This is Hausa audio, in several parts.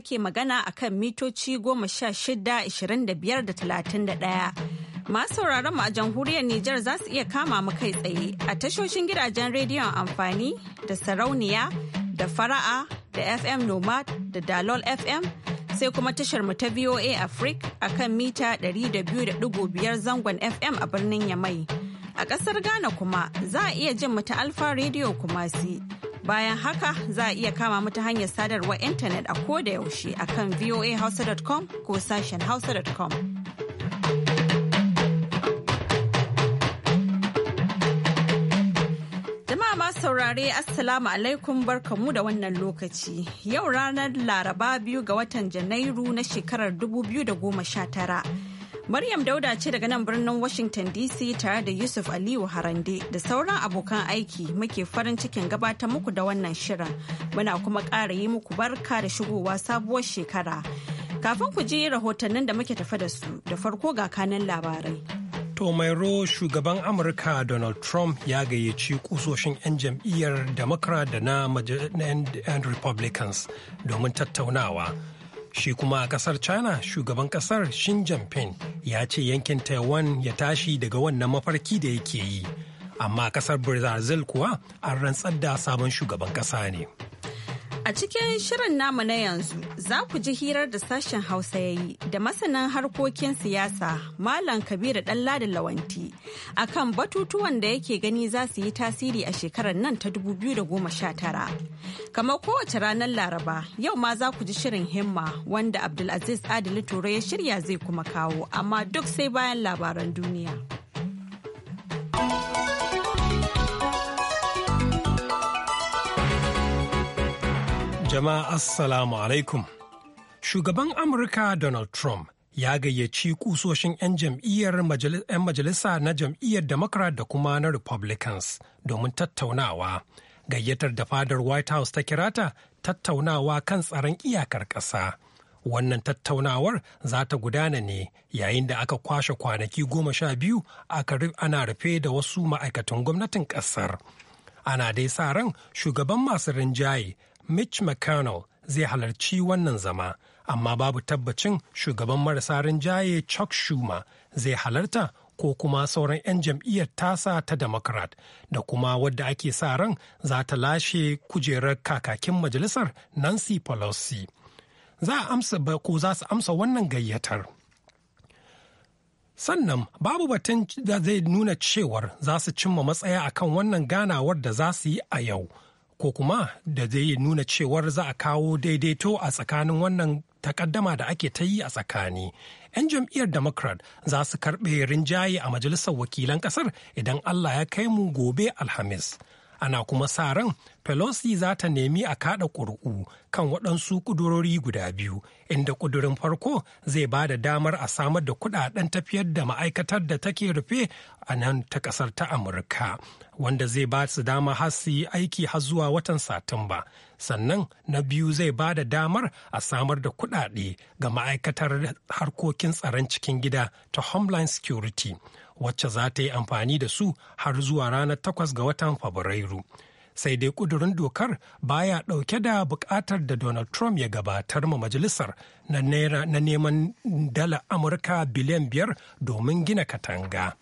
ke magana a kan mitoci 16-25-31. Masu sauraron mu a jamhuriyar Nijar za su iya kama mu kai tsaye a tashoshin gidajen rediyon amfani da sarauniya da fara'a da FM Nomad da Dalol FM sai kuma tashar mu ta VOA Africa a kan mita 200.5 zangon FM a birnin Yamai. A ƙasar Ghana kuma za a iya jin mu ta Alfa Radio Kumasi. Bayan haka za a iya kama mu ta hanyar sadarwar intanet a ko da yaushe a kan voahausa.com ko sashen hausa.com. Jama'a ma saurare Assalamu alaikum barkamu da wannan lokaci. Yau ranar Laraba biyu ga watan Janairu na shekarar 2019. Maryam Dauda ce daga nan birnin Washington DC tare da Yusuf Aliyu Harande da sauran abokan aiki muke farin cikin gabatar muku da wannan shirin. Muna kuma ƙara yi muku barka da shigowa sabuwar shekara. Kafin ku ji rahotannin da muke tafe da su da farko ga kanin labarai. To ro shugaban Amurka Donald Trump ya gayyaci kusoshin 'yan jam'iyyar Democrat da na 'yan Republicans domin tattaunawa. Shi kuma a kasar China shugaban kasar Xi Jinping ya ce yankin Taiwan ya tashi daga wannan mafarki da yake yi. Amma kasar Brazil kuwa an rantsar da sabon shugaban ƙasa ne. A cikin shirin namu na yanzu za ku ji hirar da sashen Hausa ya yi da masanan harkokin siyasa Malam Kabiru Ɗalla da Lawanti akan batutuwan da yake gani za su yi tasiri a shekarar nan ta 2019. Kamar kowace ranar Laraba yau ma za ku ji shirin himma wanda Abdulaziz Adili Ture ya shirya zai kuma kawo amma duk sai bayan labaran duniya. Jama'a Assalamu alaikum. Shugaban Amurka Donald Trump ya gayyaci kusoshin 'yan jam'iyyar majalisa na jam'iyyar Democrat da kuma na Republicans domin tattaunawa. Gayyatar da fadar White House ta kirata tattaunawa kan tsaron iyakar ƙasa. Wannan tattaunawar za ta gudana ne yayin da aka kwashe kwanaki goma sha biyu aka ana rufe da wasu ma'aikatan gwamnatin ƙasar. Ana dai sa ran shugaban masu rinjaye Mitch McConnell zai halarci wannan zama, amma babu tabbacin shugaban marasa rinjaye Chuck Schumer zai halarta ko kuma sauran 'yan jam'iyyar tasa ta Democrat da kuma wadda ake sa ran za ta lashe kujerar kakakin majalisar Nancy Pelosi. Za a amsa ba ko za su amsa wannan gayyatar. sannan babu batun da zai nuna cewar za su cimma matsaya akan wannan ganawar da za su yi a yau ko kuma da zai nuna cewar za a kawo daidaito a tsakanin wannan takaddama da ake ta yi a tsakani. 'Yan jam'iyyar Democrat za su karɓe rinjaye a majalisar wakilan ƙasar idan Allah ya kai mu gobe Alhamis. Ana kuma sa ran Pelosi za ta nemi a kada ƙuri'u kan waɗansu ƙudurori guda biyu, inda ƙudurin farko zai ba da damar a samar da kuɗaɗen tafiyar da ma'aikatar da take rufe a nan ta ƙasar ta Amurka, wanda zai ba su dama har su yi aiki har zuwa watan Satumba. Sannan na biyu zai ba da damar a samar da kuɗaɗe ga ma'aikatar harkokin tsaron cikin gida ta Homeland Security, wacce za ta yi amfani da su har zuwa ranar takwas ga watan Fabrairu. sai dai kudurin dokar baya ɗauke da bukatar da Donald Trump ya gabatar ma majalisar na neman dala Amurka biliyan biyar domin gina katanga.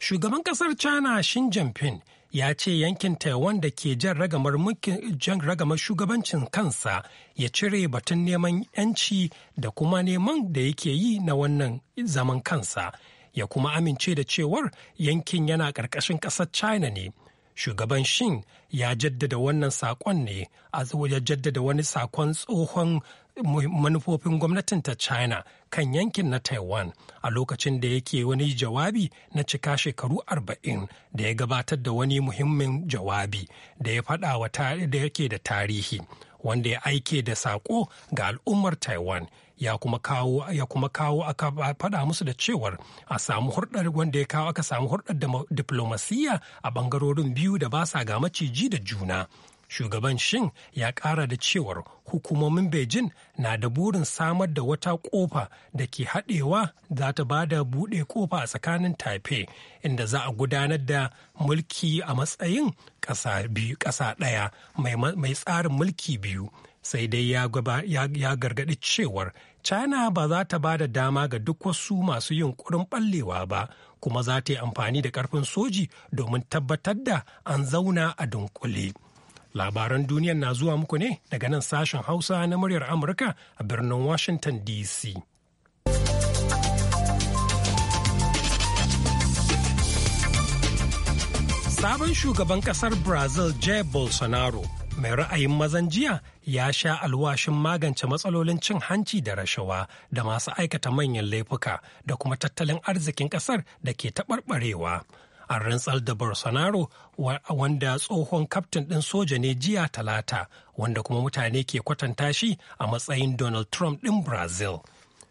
Shugaban kasar China Xi Jinping ya ce yankin Taiwan da ke jan ragamar, ragamar shugabancin kansa ya cire batun neman 'yanci da kuma neman da yake yi na wannan zaman kansa. ya kuma amince da cewar yankin yana ƙarƙashin ƙasar china ne shugaban shin ya jaddada wannan sakon ne a ya jaddada wani sakon tsohon manufofin gwamnatin ta china kan yankin na taiwan a lokacin da yake wani jawabi na cika shekaru 40 da ya gabatar da wani muhimmin jawabi da ya fada wa da yake da tarihi wanda ya aike da sako ga al'ummar taiwan ya kuma kawo ya kuma kawo aka faɗa musu da cewar a samu hurɗar wanda ya kawo aka samu hurɗar diplomasiyya a ɓangarorin biyu da ba sa ga maciji da juna shugaban shin ya ƙara da cewar hukumomin beijing na da burin samar da wata ƙofa da ke haɗewa za ta ba da buɗe ƙofa a tsakanin taipei inda za a gudanar da mulki a matsayin ƙasa ɗaya mai tsarin mulki biyu sai dai ya gargaɗi cewar China ba za ta ba da dama ga duk wasu masu yunkurin ɓallewa ba, kuma za ta yi amfani da ƙarfin soji domin tabbatar da an zauna a dunkule. Labaran duniyar na zuwa muku ne daga nan sashen Hausa na muryar Amurka a birnin Washington DC. Sabon shugaban kasar Brazil Jair Bolsonaro mai ra'ayin mazan jiya ya sha alwashin magance matsalolin cin hanci da rashawa da masu aikata manyan laifuka da kuma tattalin arzikin ƙasar da ke taɓarɓarewa. a rantsar da Bolsonaro wanda tsohon kaftin ɗin soja ne jiya talata wanda kuma mutane ke kwatanta shi a matsayin Donald Trump ɗin Brazil.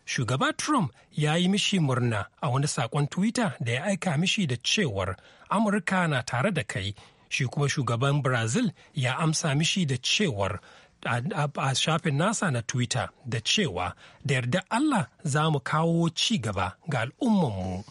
Shugaba Trump ya yi mishi murna a wani saƙon Twitter da ya aika mishi da cewar Amurka na tare da kai shi kuma shugaban brazil ya amsa mishi da cewar a shafin nasa na twitter da cewa da yarda allah za mu kawo ci gaba ga al'ummanmu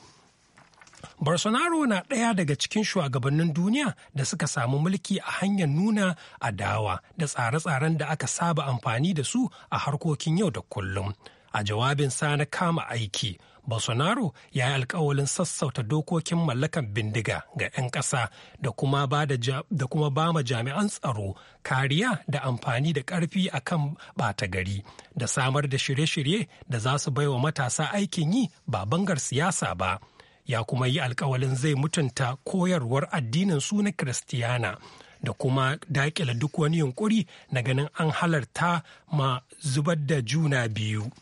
bolsonaro na ɗaya daga cikin shugabannin duniya da suka samu mulki a hanyar nuna adawa da tsare-tsaren da aka saba amfani da su a harkokin yau da kullum a sa na kama aiki Bolsonaro ya yi alkawalin sassauta dokokin mallakan bindiga ga 'yan ƙasa da kuma ba ma jami'an tsaro kariya da amfani da ƙarfi a kan ɓata gari da samar da shirye-shirye da za su baiwa matasa aikin yi ba bangar siyasa ba. Ya kuma yi alkawalin zai mutunta koyarwar addinin su na Kiristiyana. da kuma daƙila duk wani yunkuri na ganin an halarta ma zubar da juna biyu.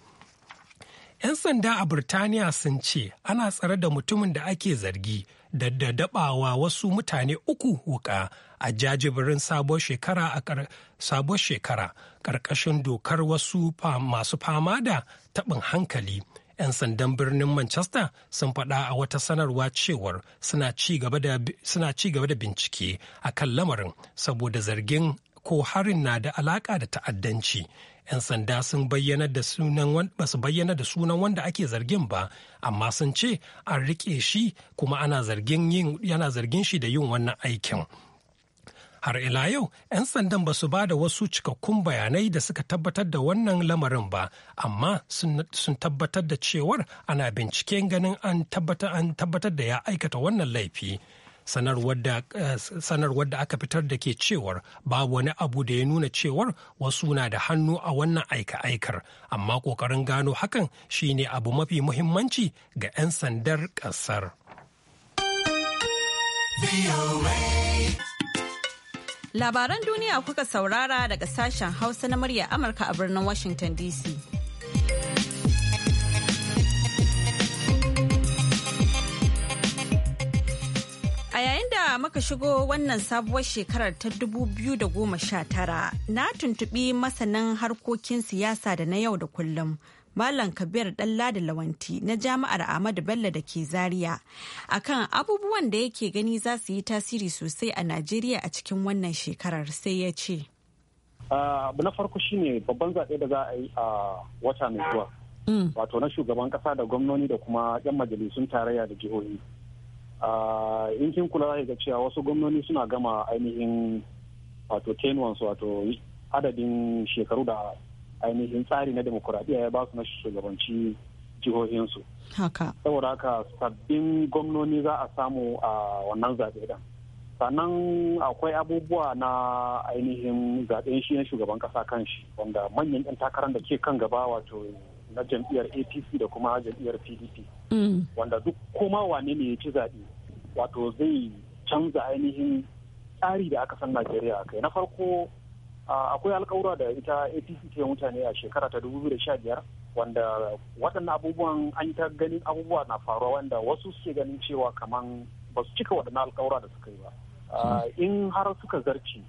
'Yan sanda a Birtaniya sun ce ana tsare da mutumin da ake zargi da dabawa wasu mutane uku wuka a jajibirin sabuwar shekara a sabon shekara ƙarƙashin dokar wasu masu fama da taɓin hankali. 'Yan sandan birnin Manchester sun faɗa a wata sanarwa cewar suna ci gaba da bincike a kan lamarin saboda zargin ko harin na da alaƙa da ta'addanci. 'yan sanda sun bayyana da sunan bayyana da sunan wanda ake zargin ba amma sun ce an rike shi kuma ana yana zargin shi da yin wannan aikin har ila yau 'yan sandan ba su ba da wasu cikakkun bayanai da suka tabbatar da wannan lamarin ba amma sun tabbatar da cewar ana binciken ganin an tabbatar da ya aikata wannan laifi Eh, sanarwar da aka fitar da ke cewar babu wani abu da ya nuna cewar wasu na da hannu a wannan aika-aikar amma ƙoƙarin gano hakan shine abu mafi muhimmanci ga 'yan sandar ƙasar. Labaran duniya kuka saurara daga sashen Hausa na murya Amurka a birnin Washington DC. maka shigo wannan sabuwar shekarar ta 2019 na tuntuɓi masanan harkokin siyasa da na yau da kullum. Malam Kabir Dalla da Lawanti na Jami'ar Ahmadu Bello da ke Zaria akan abubuwan da yake gani za su yi tasiri sosai a Najeriya a cikin wannan shekarar sai ya ce. Ah, abu na farko shine babban zaɓe da za a yi a wata mai zuwa. Mm. Wato na shugaban ƙasa da gwamnoni da kuma 'yan majalisun tarayya da jihohi. in kin kula za ga cewa wasu gwamnoni suna gama ainihin wato tenuwansu wato adadin shekaru da ainihin tsari na demokuraɗiyya ya ba su na shugabanci jihohinsu. Haka. Saboda haka sabbin gwamnoni za a samu a wannan zaɓe ɗin. Sannan akwai abubuwa na ainihin zaɓen shi na shugaban ƙasa kan shi wanda manyan ɗan takarar da ke kan gaba wato na jam'iyyar apc da kuma jam'iyyar pdp mm. wanda duk koma wane ne ya ci zaɓe wato zai canza ainihin tsari da aka san najeriya kai na farko akwai alkawura da ita apc ta mutane a shekara ta 2015 wanda waɗannan abubuwan an ta ganin abubuwa na faruwa wanda wasu suke ganin cewa kaman ba su cika waɗannan alkawura da suka yi ba in har suka zarci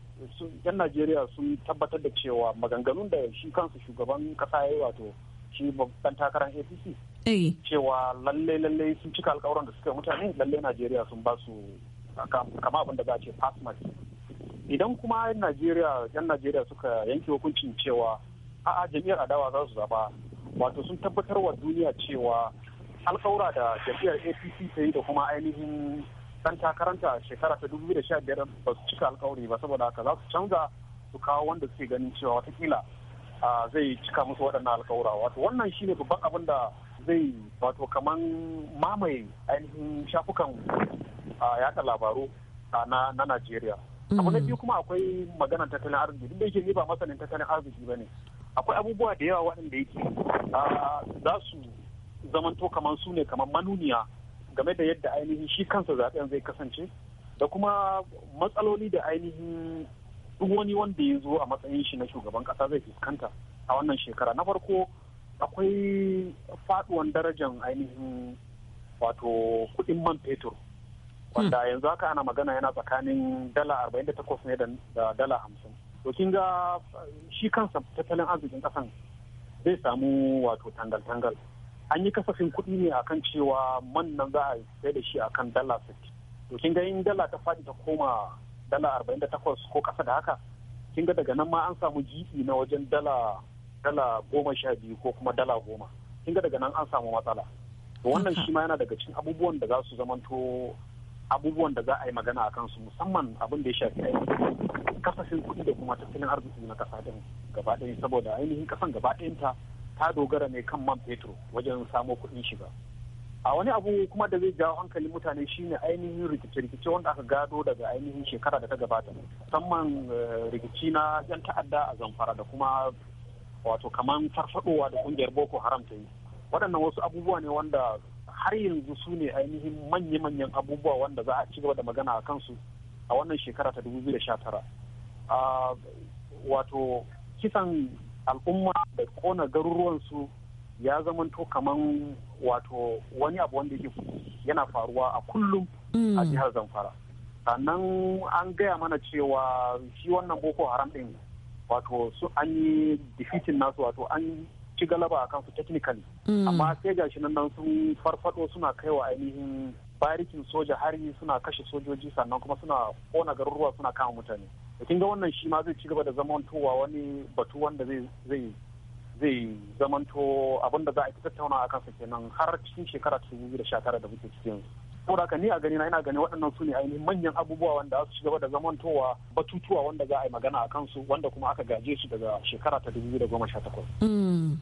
yan najeriya sun tabbatar da cewa maganganun da shi kansu shugaban kasa ya yi wato shi babban takarar apc cewa lalle lalle sun cika alkawuran da suka mutane lalle najeriya sun ba su kama abin da za a ce pasmat idan kuma yan najeriya yan najeriya suka yanke hukuncin cewa a'a jami'ar adawa za su zaba wato sun tabbatar wa duniya cewa alkawura da jami'ar apc ta yi da kuma ainihin dan takaranta shekara ta dubu da sha biyar ba su cika alkawari ba saboda haka za su canza su kawo wanda suke ganin cewa watakila zai cika musu waɗannan alkawura wato wannan shi shine babban abin da zai wato kaman mamaye ainihin shafukan yaɗa labaru na Najeriya. Abu na mm. biyu kuma akwai magana tattalin arziki duk da yake ni ba masanin tattalin arziki ba ne. Akwai abubuwa da yawa waɗanda yake za su zamanto kamar su ne kamar manuniya game da yadda ainihin shi kansa zaɓen zai kasance da kuma matsaloli da ainihin duk wani wanda ya zo a matsayin shi na shugaban kasa zai fuskanta a wannan shekara na farko akwai faduwan darajan ainihin wato kudin man fetur wanda hmm. yanzu haka ana magana yana tsakanin dala 48 ne da dala 50 to kin ga shi kansa tattalin arzikin kasan zai samu wato tangal-tangal an yi kasafin kuɗi ne akan cewa man nan za a sai da shi akan dala 60 to kin ga in dala ta faɗi ta koma dala arba'in da takwas ko kasa da haka kin ga daga nan ma an samu jiki na wajen dala dala goma sha biyu ko kuma dala goma kin ga daga nan an samu matsala to wannan shi ma yana daga cikin abubuwan da za su zamanto abubuwan da za a yi magana a kansu musamman abin da ya shafi kasafin kuɗi da kuma tattalin arziki na kasa din gaba ɗaya saboda ainihin kasan gaba ɗayanta ta dogara ne kan man fetur wajen samo kuɗin shiga a wani abu kuma da zai jawo hankali mutane shine ainihin rikice-rikice wanda aka gado daga ainihin shekara da ta gabata musamman eh, rikici na yan ta'adda a zamfara da kuma wato kaman farfadowa da kungiyar boko haram ta yi waɗannan wasu abubuwa ne wanda har yanzu su ne ainihin manya-manyan abubuwa wanda za a ci gaba da magana a kansu a wannan shekara ta 2019 wato kisan al'umma da kona garuruwansu ya zamanto kaman wato wani abu wanda yake yana faruwa a kullum mm. a jihar zamfara sannan an gaya mana cewa shi wannan boko haram din wato su an yi defeating nasu wato an ci galaba a kansu technically mm. amma sai ga shi nan sun farfado suna kaiwa ainihin barikin soja hari suna kashe sojoji sannan kuma suna kona garuruwa suna kama mutane kin ga wannan shi ma zai ci gaba da zamantowa wani batu wanda zai zai zamanto abin da za a tattauna a kansa kenan har cikin shekara ta dubu da sha da muke cikin saboda haka ni a gani na ina gani waɗannan su ne ainihin manyan abubuwa wanda su ci gaba da zamantowa batutuwa wanda za a yi magana a kansu wanda kuma aka gaje su daga shekara ta dubu da goma sha takwas. Mm.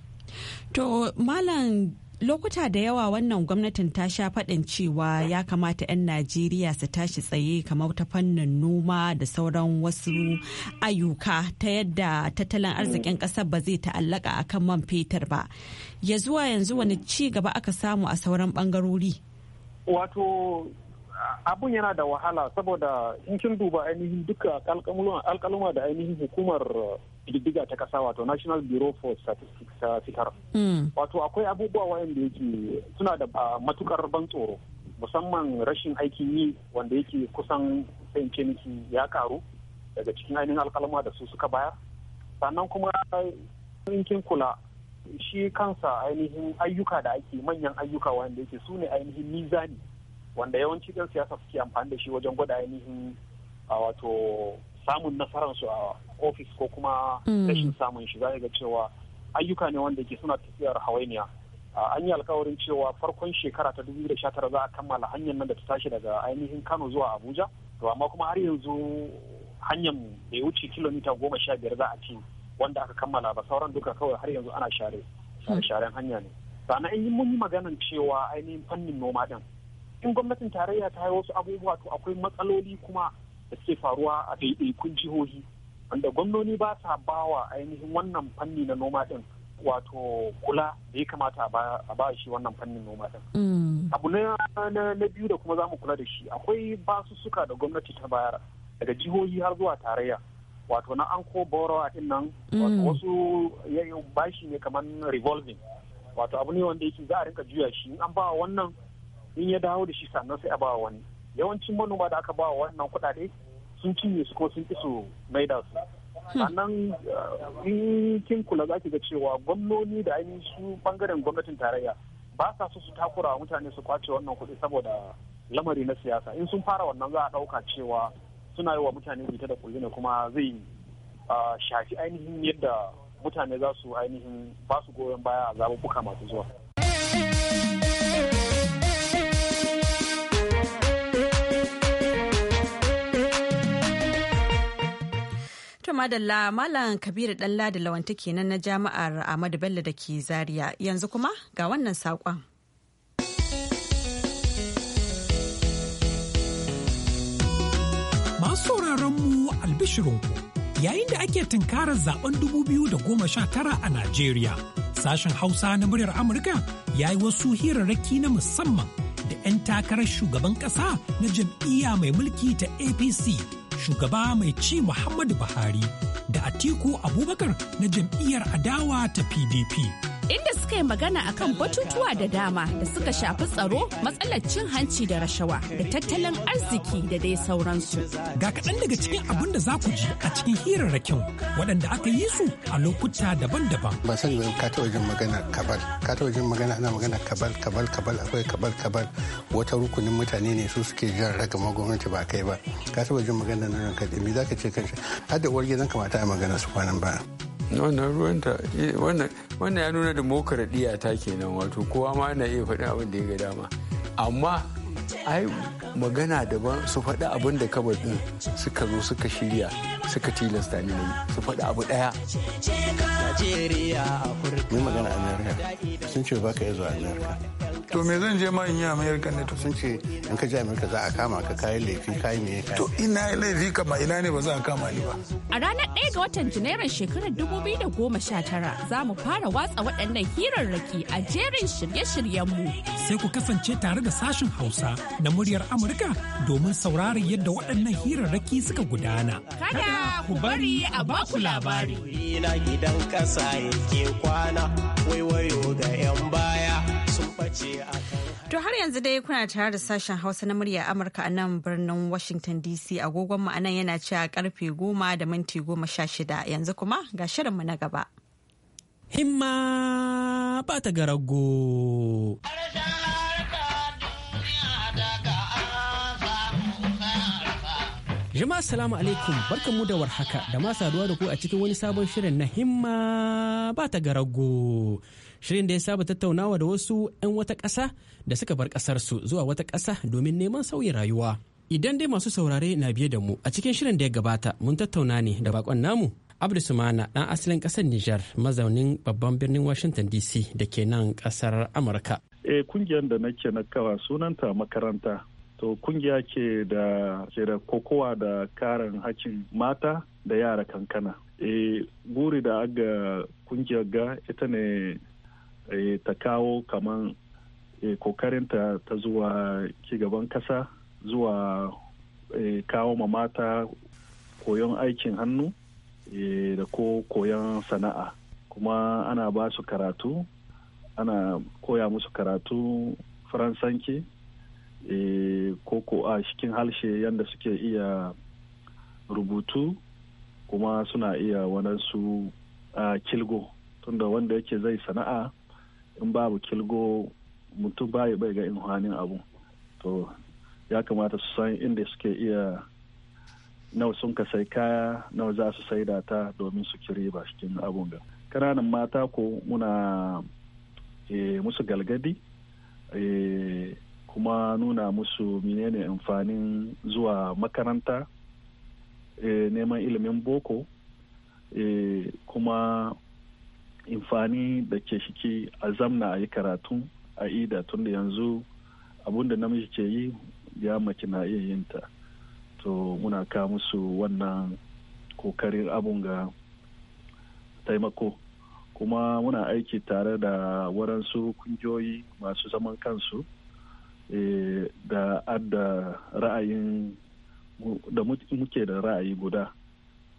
To Malam lokuta da yawa wannan gwamnatin ta sha faɗin cewa ya kamata 'yan najeriya su tashi tsaye kamar ta fannin noma da sauran wasu ayyuka ta yadda tattalin arzikin ƙasar ba zai ta'allaka a kan man fetur ba ya zuwa yanzu wani ci gaba aka samu a sauran ɓangarori wato abun yana da wahala saboda in kin duba ainihin duka alkaluma da ainihin hukumar ƙididdiga ta kasa wato national bureau for statistics ta fitar hmm. wato akwai abubuwa wayanda yake suna da ah, matukar ban tsoro musamman rashin aikin yi wanda yake kusan sayin miki ya karu daga cikin ainihin alkalama da su suka bayar sannan kuma yankin kula shi kansa ainihin ayyuka da ake manyan ayyuka wanda yake su ne ainihin mizani wanda yawanci ɗan siyasa suke amfani da shi wajen gwada ainihin ah, wato samun nasararsu a ofis ko kuma hmm. rashin samun shi za ga cewa ayyuka ne wanda ke suna tafiyar hawainiya an yi alkawarin cewa farkon shekara ta 2019 za a kammala hanyar nan da ta tashi daga ainihin kano zuwa abuja to amma kuma har yanzu hanyar bai wuce kilomita goma sha biyar za a ce wanda aka kammala ba sauran duka kawai har yanzu ana share sharen hanya ne sannan in mun yi maganan cewa ainihin fannin noma din in gwamnatin tarayya ta yi wasu abubuwa to akwai matsaloli kuma da suke faruwa a daidaikun jihohi wanda gwamnoni ba sa bawa ainihin wannan fanni na noma ɗin wato kula da ya kamata a ba shi wannan fannin noma ɗin. Mm. Abu na biyu da kuma za mu kula da shi akwai basussuka da gwamnati ta bayar daga jihohi har zuwa tarayya. Wato na anko borowa din nan mm. wasu bashi ne kamar revolving. Wato abu ne wanda yake za a rinka juya shi an ba wannan in ya dawo da shi sannan sai a ba wani. yawancin manoma da aka ba wannan kuɗaɗe sun cinye su ko sun iso su maida su hmm. sannan eh, in kin kula za ki ga cewa gwamnoni da ainihin su bangaren gwamnatin tarayya ba sa su su takura wa mutane su kwace wannan kuɗi saboda lamari na siyasa in sun fara wannan za a ɗauka cewa suna yi wa mutane bita da kulli ne kuma zai ah, shafi ainihin yadda mutane za su ainihin ba su goyon baya a zaɓuɓɓuka masu zuwa. madalla Malam Kabiru Ɗanladi Lawanta kenan na jami'ar Ahmadu Bello da ke Zaria yanzu kuma ga wannan saƙon. Masu mu albishirinku yayin da ake tunkarar zaben 2019 a Najeriya. Sashen Hausa na muryar Amurka ya yi wasu hirarraki na musamman da 'yan takarar shugaban ƙasa na jam'iyya mai mulki ta APC shugaba mai ci Muhammadu Buhari da Atiku Abubakar na jam'iyyar adawa ta PDP. inda suka yi magana akan batutuwa da dama da suka shafi tsaro matsalar cin hanci da rashawa da tattalin arziki da dai sauransu. Ga kaɗan daga cikin abin da za ku ji a cikin hirarrakin waɗanda aka yi su a lokuta daban-daban. Ba san da ka taɓa jin magana kabal, ka taɓa jin magana ana magana kabal kabal kabal akwai kabal kabal wata rukunin mutane ne su suke jan ragama gwamnati ba kai ba. Ka taɓa jin magana nan ranka me za ka ce kan shi har da uwar gidan kamata a magana su kwanan ba. wannan ruwanta wannan ya nuna demokaradiyya ta kenan wato kowa ma yana iya faɗi abin da ya ga dama amma ai magana daban su faɗi abin da kabar ɗin suka zo suka shirya suka tilasta ni yi su faɗi abu ɗaya. Ni magana a Amerika sun ce ba ka iya zuwa Amerika. to me zan je ma in yi Amerika ne to sun ce in ka je Amerika za a kama ka kayi laifi kayi ne. to ina laifi kama ina ne ba za a kama ni ba a ranar ɗaya ga watan janairun shekarar 2019 za mu fara watsa waɗannan hirarraki a jerin shirye-shiryenmu sai ku kasance tare da sashen hausa na muryar amurka domin sauraron yadda waɗannan hirarraki suka gudana kada ku bari a baku labari na gidan ƙasa yake kwana waiwayo ga 'yan baya To har yanzu dai kuna tare da sashen Hausa na murya Amurka a nan birnin Washington DC agogon mu anan yana cewa karfe goma da minti goma shida yanzu kuma ga shirin mu na gaba. Himma ba ta garago. Jama'a salamu alaikum barkanmu da warhaka da ma saduwa da ku a cikin wani sabon shirin na himma ba ta garago. shirin da ya saba tattaunawa da wasu 'yan wata ƙasa da suka bar ƙasarsu zuwa wata ƙasa domin neman sauyin rayuwa. Idan dai masu saurare na biye da mu a cikin shirin da ya gabata mun tattauna ne da bakon namu Abdu Sumana ɗan asalin ƙasar Nijar mazaunin babban birnin Washington DC da ke nan ƙasar Amurka. Eh kungiyar da nake na kawa sunanta makaranta to kungiya ke da ke da kokowa da karin hakkin mata da yara kankana e buri da aga kungiyar ga ita ne Eh, ta kawo kaman eh, kokarinta ta zuwa cigaban kasa zuwa eh, kawo ma mata koyon aikin hannu da ko koyon sana'a kuma ana ba su karatu ana koya musu karatu faransanci ko ko a cikin harshe yadda suke iya rubutu kuma suna iya wanansu a ah, kilgo tunda wanda yake zai sana'a in babu kilgo mutum bai bai ga inhanin abu to ya kamata su san inda suke iya nawa sun ka sai kaya nawa za su sai ta domin su kiri ba cikin abun ga kananan mata ko muna eh, musu galgadi eh, kuma nuna musu menene amfanin zuwa makaranta eh, neman ilimin boko kuma imfani da ke shiki a zamna a yi karatu a ida tun da yanzu abun da namiji ke yi ya mace na iya yin ta to muna ka musu wannan kokarin abun ga taimako kuma muna aiki tare da waransu kungiyoyi masu zaman kansu eh, da adda ra'ayin da muke da ra'ayi guda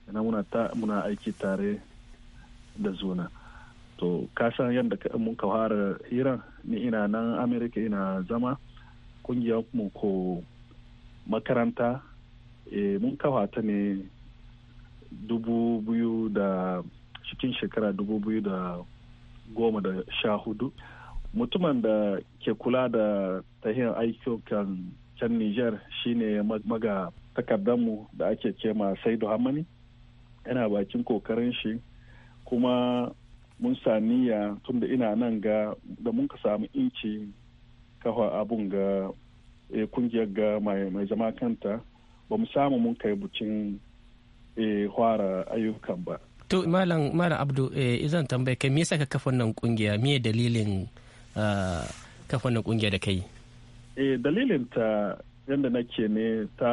yana muna aiki tare da zuna to kasan yadda mun ka fara hira ni ina nan amerika ina zama kungiyar mu ko makaranta e, mun kafa ta ne dubu biyu da cikin shekara dubu biyu da goma da sha hudu mutumin da ke kula da hiyar ayyukan can niger shine maga takardarmu da ake ce ma saidu hamani yana bakin kokarin shi kuma mun saniya tun da ina nan ga da mun ka samu inci kafa abun ga eh, kungiyar ga mai, zama kanta ba mu samu mun kai bucin e, ayyukan ba to malam malam abdu e, eh, izan tambaye kai me yasa ka kafa nan kungiya me dalilin uh, kafa nan kungiya da kai e, dalilin ta yadda nake ne ta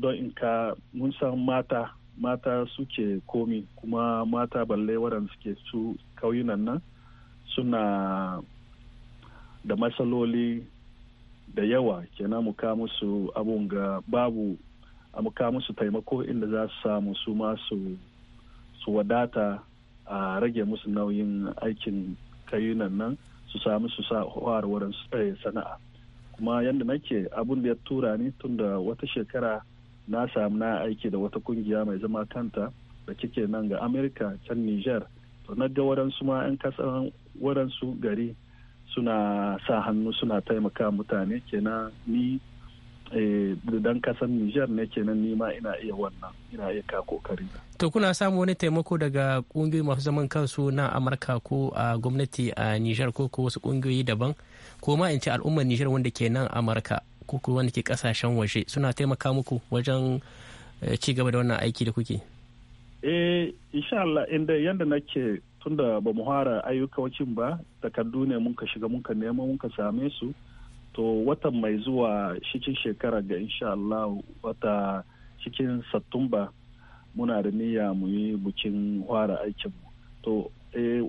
don in ka mun san mata mata suke komi kuma mata balle waɗanda suke su ƙauyunan nan suna da matsaloli da yawa kenan mu ka musu abun ga babu a mu ka musu taimako inda za su samu su masu su wadata a rage musu nauyin aikin kayunan nan su samu su sa warwarin eh, sana'a kuma yadda nake abun da ya tura ni tun da wata shekara na samu na aiki da wata kungiya mai zama kanta da kike nan ga amerika can niger to na ga waɗansu ma 'yan kasan waɗansu gari suna sa hannu suna taimaka mutane kenan ni dan eh, kasan Nijar ne kenan ni ma ina iya wannan ina iya ka kokari to kuna samu wani taimako daga kungiyoyi masu zaman kansu na Amurka ko a gwamnati a Nijar ko ko wasu kungiyoyi daban ko ma in ce al'ummar Nijar wanda ke nan Amurka ko ko wanda ke kasashen waje suna taimaka muku wajen eh, cigaba da wannan aiki da kuke eh insha Allah inda yanda nake tunda ba mu fara ayyukawacin ba takardu ne mun ka shiga mun ka nema mun ka same su to watan mai zuwa cikin shekara ga insha Allah wata cikin satumba muna da niyya mu yi bukin fara aikin to eh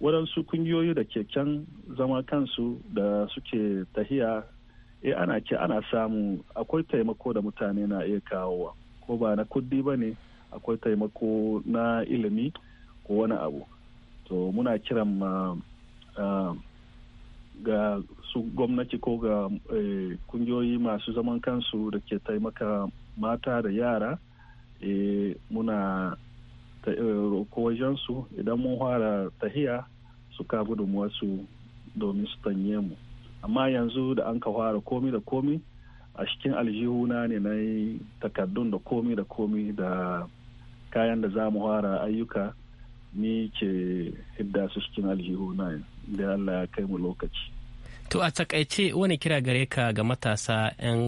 waɗansu kungiyoyi da ke can zama kansu da suke tahiya eh ana ce ana samu akwai taimako da mutane na iya kawowa ko ba na kuddi ba ne akwai taimako na ilimi ko wani abu to muna kiran ah, ah, ga su gwamnati ko ga eh, kungiyoyi masu zaman kansu da ke taimaka mata da yara eh, muna eh, wajen su idan mun fara tahiya su ka wasu domin su tanye mu amma yanzu da an ka fara komi da komi a cikin aljihuna ne na takardun da komi da komi da kayan da za mu fara ayyuka ni ke hidda su cikin alhihu na da Allah ya kai mu lokaci. To a takaice wani kira gare ka ga matasa 'yan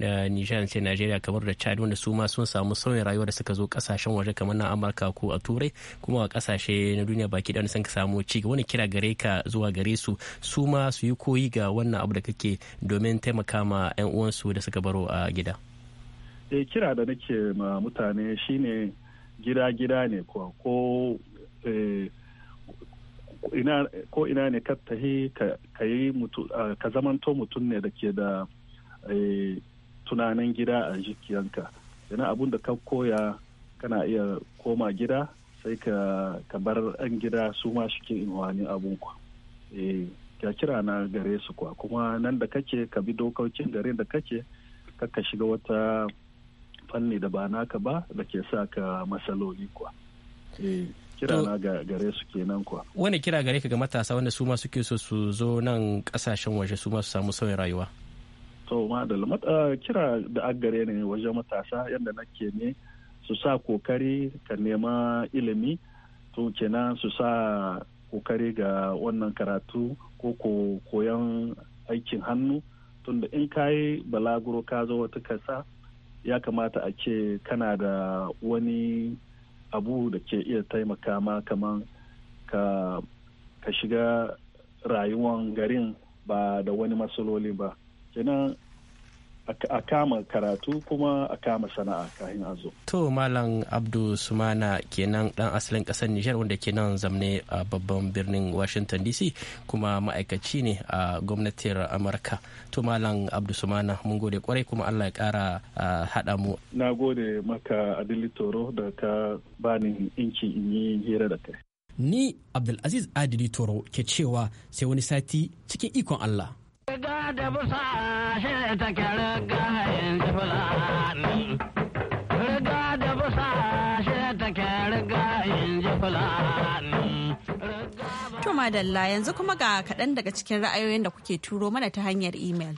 eh, Nijar ce Najeriya kamar da Chad wanda su ma sun samu sauyin rayuwa da suka zo kasashen waje kamar na Amurka ko a Turai kuma a kasashe na duniya baki da sun samu ci wani kira gare ka zuwa gare su su ma su yi koyi ga wannan abu da kake domin taimaka ma 'yan uwansu da suka baro a gida. Eh kira da nake ma mutane shine gida-gida ne ko eh, ko ina ne ka tahi ka yi ka zamanto mutum ne da ke da eh, tunanin gida a jikiyanka yana abun da ka koya kana iya koma gida sai ka bar an gida su ma shi suke inwani abun ku ya eh, kira na gare su kuwa kuma nan da kake ka bi dokokin garin da kake ka shiga wata fanni da ba naka ba da ke sa ka matsaloli kuwa eh, kira na gare su kenan kuwa wani kira gare ka ga matasa wanda su ma suke so su zo nan kasashen waje su ma su samu sauyin rayuwa to madal eh, kira da aggare ne wajen matasa yadda nake ne su sa kokari ka nema ilimi to kenan su sa kokari ga wannan karatu ko koyon aikin hannu tunda in kayi balaguro ka zo wata kasa ya kamata a ce kana da wani abu da ke iya taimaka ma kaman ka, ka shiga rayuwan garin ba da wani matsaloli ba kenan a kama karatu kuma a kama sana'a kayan azo. To Malam Abdu Sumana kenan dan asalin kasar Nijar wanda kenan nan zamne a babban birnin Washington DC kuma ma'aikaci ne a gwamnatin Amurka. To Malam Abdu Sumana mun gode kwarai kuma Allah ya kara haɗa mu. Na gode maka Adili Toro da ka bani inci in yi hira da kai. Ni Abdulaziz Adili Toro ke cewa sai wani sati cikin ikon Allah. Riga To madalla yanzu kuma ga kaɗan daga cikin ra'ayoyin da kuke turo mana ta hanyar imel.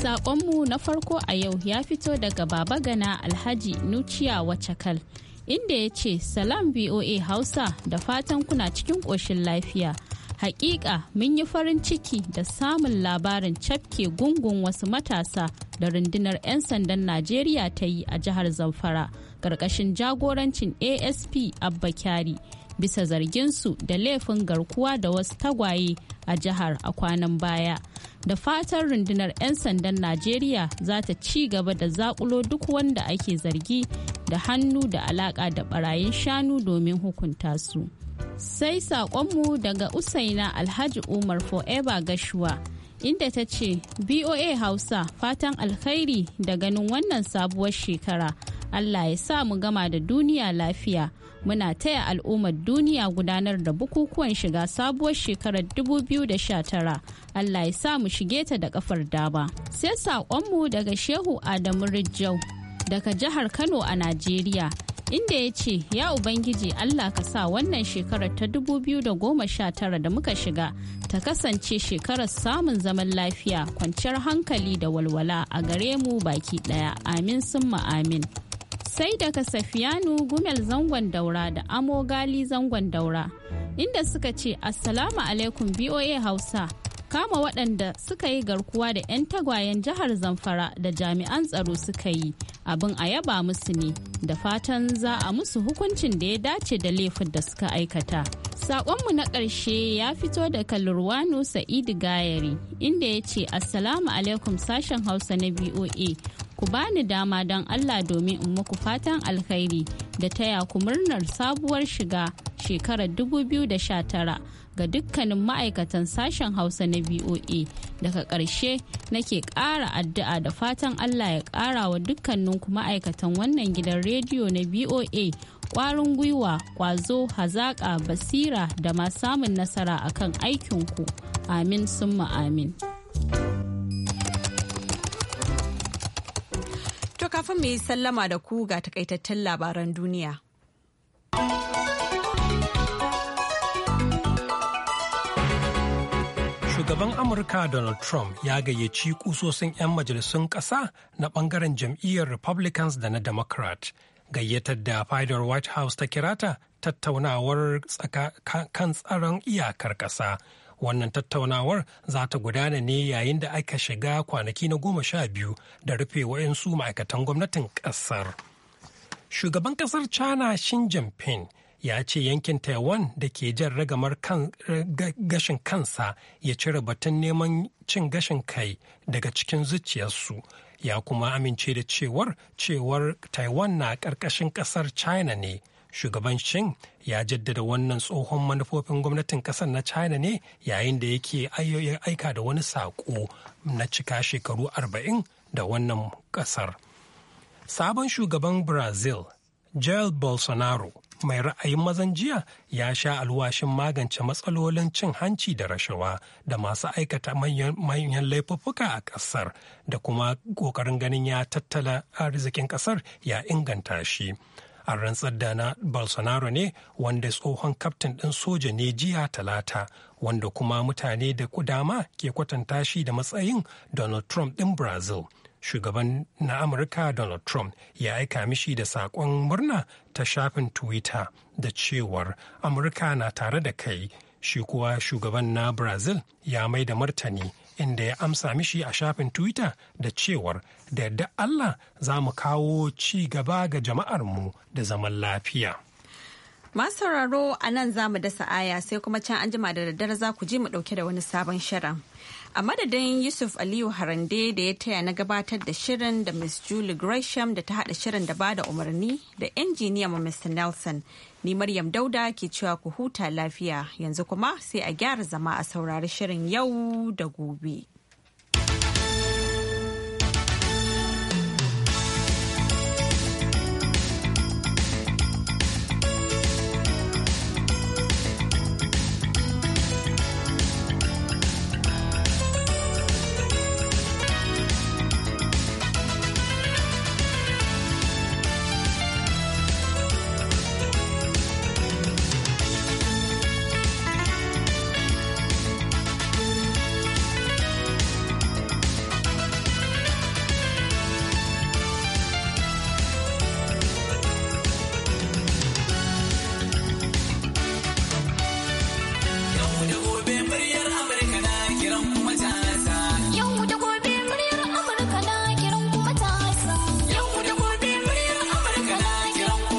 Saƙonmu na farko a yau ya fito daga Baba Gana Alhaji Nuciya Wacakal. inda ya ce salam voa hausa da fatan kuna cikin ƙoshin lafiya hakika mun yi farin ciki da samun labarin cafke gungun wasu matasa da rundunar 'yan sandan najeriya ta yi a jihar zamfara ƙarƙashin jagorancin asp abba kyari bisa zarginsu da laifin garkuwa da wasu tagwaye a jihar a kwanan baya da fatan rundunar 'yan sandan najeriya za ta ci gaba da zakulo duk wanda ake zargi da hannu da alaka da barayin shanu domin hukunta su sai saƙonmu daga usaina alhaji umar forever gashuwa inda ta ce boa hausa fatan alkhairi da ganin wannan sabuwar shekara Allah ya sa mu gama da duniya lafiya. Muna taya al'ummar duniya gudanar da bukukuwan shiga sabuwar shekarar 2019. Allah ya sa mu shige ta da kafar daba. Sai saƙonmu daga Shehu Adamu Rijau daga jihar Kano a Najeriya. inda ya ce ya ubangiji allah ka sa wannan shekarar ta dubu biyu da goma da muka shiga ta kasance shekarar samun zaman lafiya kwanciyar hankali da walwala a gare mu baki ɗaya amin summa amin sai daga safiyanu gumel zangon daura da amo gali zangon daura inda suka ce assalamu alaikum boa hausa kama waɗanda suka yi garkuwa da 'yan tagwayen jihar zamfara da jami'an tsaro suka yi abin a yaba musu ne da fatan za a musu hukuncin da ya dace da laifin da suka aikata Sakonmu na ƙarshe ya fito daga Lurwano Sa'idu Gayari inda ya ce Assalamu alaikum sashen Hausa na BOA ku bani dama don Allah domin in muku fatan alkhairi da taya ku murnar sabuwar shiga shekarar 2019 ga dukkanin ma'aikatan sashen Hausa na boa Daga ƙarshe nake ƙara addu'a da fatan Allah ya ƙara wa dukkaninku ma'aikatan wannan gidan rediyo na boa ƙwarin gwiwa, ƙwazo, hazaƙa, basira da ma samun nasara akan aikinku. Amin summa amin. thank you kafin mu yi sallama da ku ga takaitattun labaran duniya. Shugaban Amurka Donald Trump ya gayyaci kusosin 'yan majalisun ƙasa na ɓangaren jam'iyyar Republicans da na Democrat. Gayyatar da fadar White House ta kirata tattaunawar kan tsaron iyakar ƙasa wannan tattaunawar za ta gudana ne yayin da aka shiga kwanaki na goma sha biyu da rufe wayansu ma'aikatan gwamnatin kasar. shugaban kasar china shin jinping ya ce yankin taiwan da ke jan ragamar gashin kansa ya cire batun neman cin gashin kai daga cikin zuciyarsu ya kuma amince da cewar cewar taiwan na ƙarƙashin ƙasar china ne shugaban shin ya jaddada wannan tsohon manufofin gwamnatin kasar na china ne yayin da yake aika da wani sako na cika shekaru 40 da wannan kasar sabon shugaban brazil jair bolsonaro mai ra'ayin mazan jiya ya sha alwashin magance matsalolin cin hanci da rashawa da masu aikata manyan laifuffuka a kasar da kuma ƙoƙarin ganin ya tattala arzikin kasar ya inganta shi a rantsar da na bolsonaro ne wanda tsohon kaftin ɗin soja ne jiya talata wanda kuma mutane da kudama ke kwatanta shi da matsayin donald trump ɗin brazil shugaban na amurka donald trump ya aika mishi da saƙon murna ta shafin twitter da cewar amurka na tare da kai shi kuwa shugaban na brazil ya mai da martani inda ya amsa mishi a shafin twitter da cewar da yadda allah za mu kawo ci gaba ga jama'ar mu da zaman lafiya masu sauraro a nan za mu dasa aya sai kuma can an jima da daddare za ku ji mu dauke da wani sabon shirin A madadin Yusuf Aliyu Harande da ya taya na gabatar da shirin da Miss Julie Gresham da ta haɗa shirin da bada umarni da injiniya ma Mr. Nelson. Ni Maryam Dauda ke cewa ku huta lafiya yanzu kuma sai a gyara zama a saurari shirin yau da gobe.